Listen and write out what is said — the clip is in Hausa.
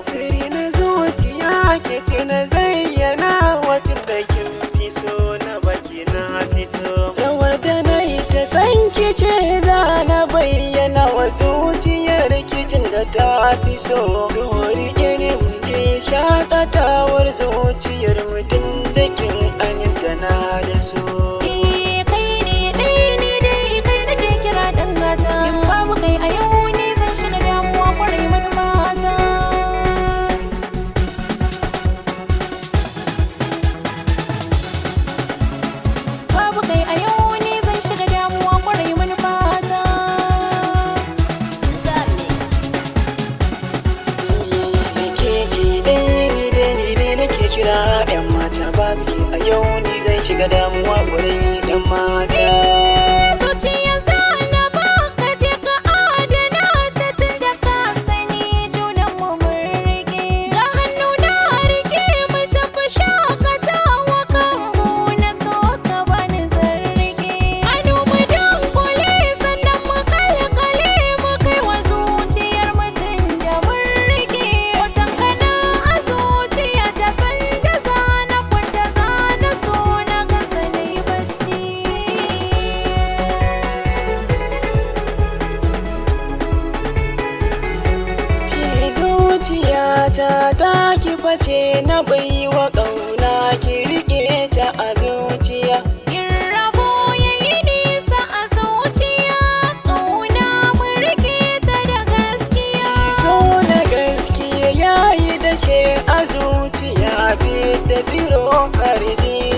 Siri na zuciya ke ce na zayyana wata da kin fi so na baki na fito. Rawar da na yi ta san ce za na bayyana wa zuciyar kicin da ta fi so. Zuhuri irin muke shakatawar zuciyar mutum da kin aminta na da so. shiga damuwa gurin zero kariji